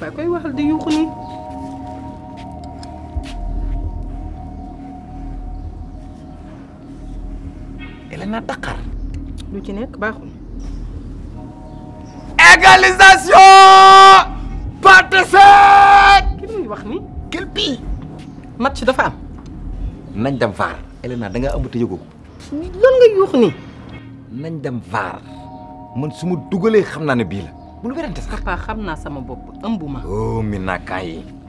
waa koy waxal di yuuxu nii Elena Dakar lu ci nekk baaxul égalisation partie sept ki wax ni quel bii ci dafa am nañ dem vaar Elena da nga amata yëgoo loolu nga yuux ni nañ dem vaar man su ma dugalee xam naa ne bii bul werante sax. papa xam naa sama bopp ëmb ma. oh Minna kaay.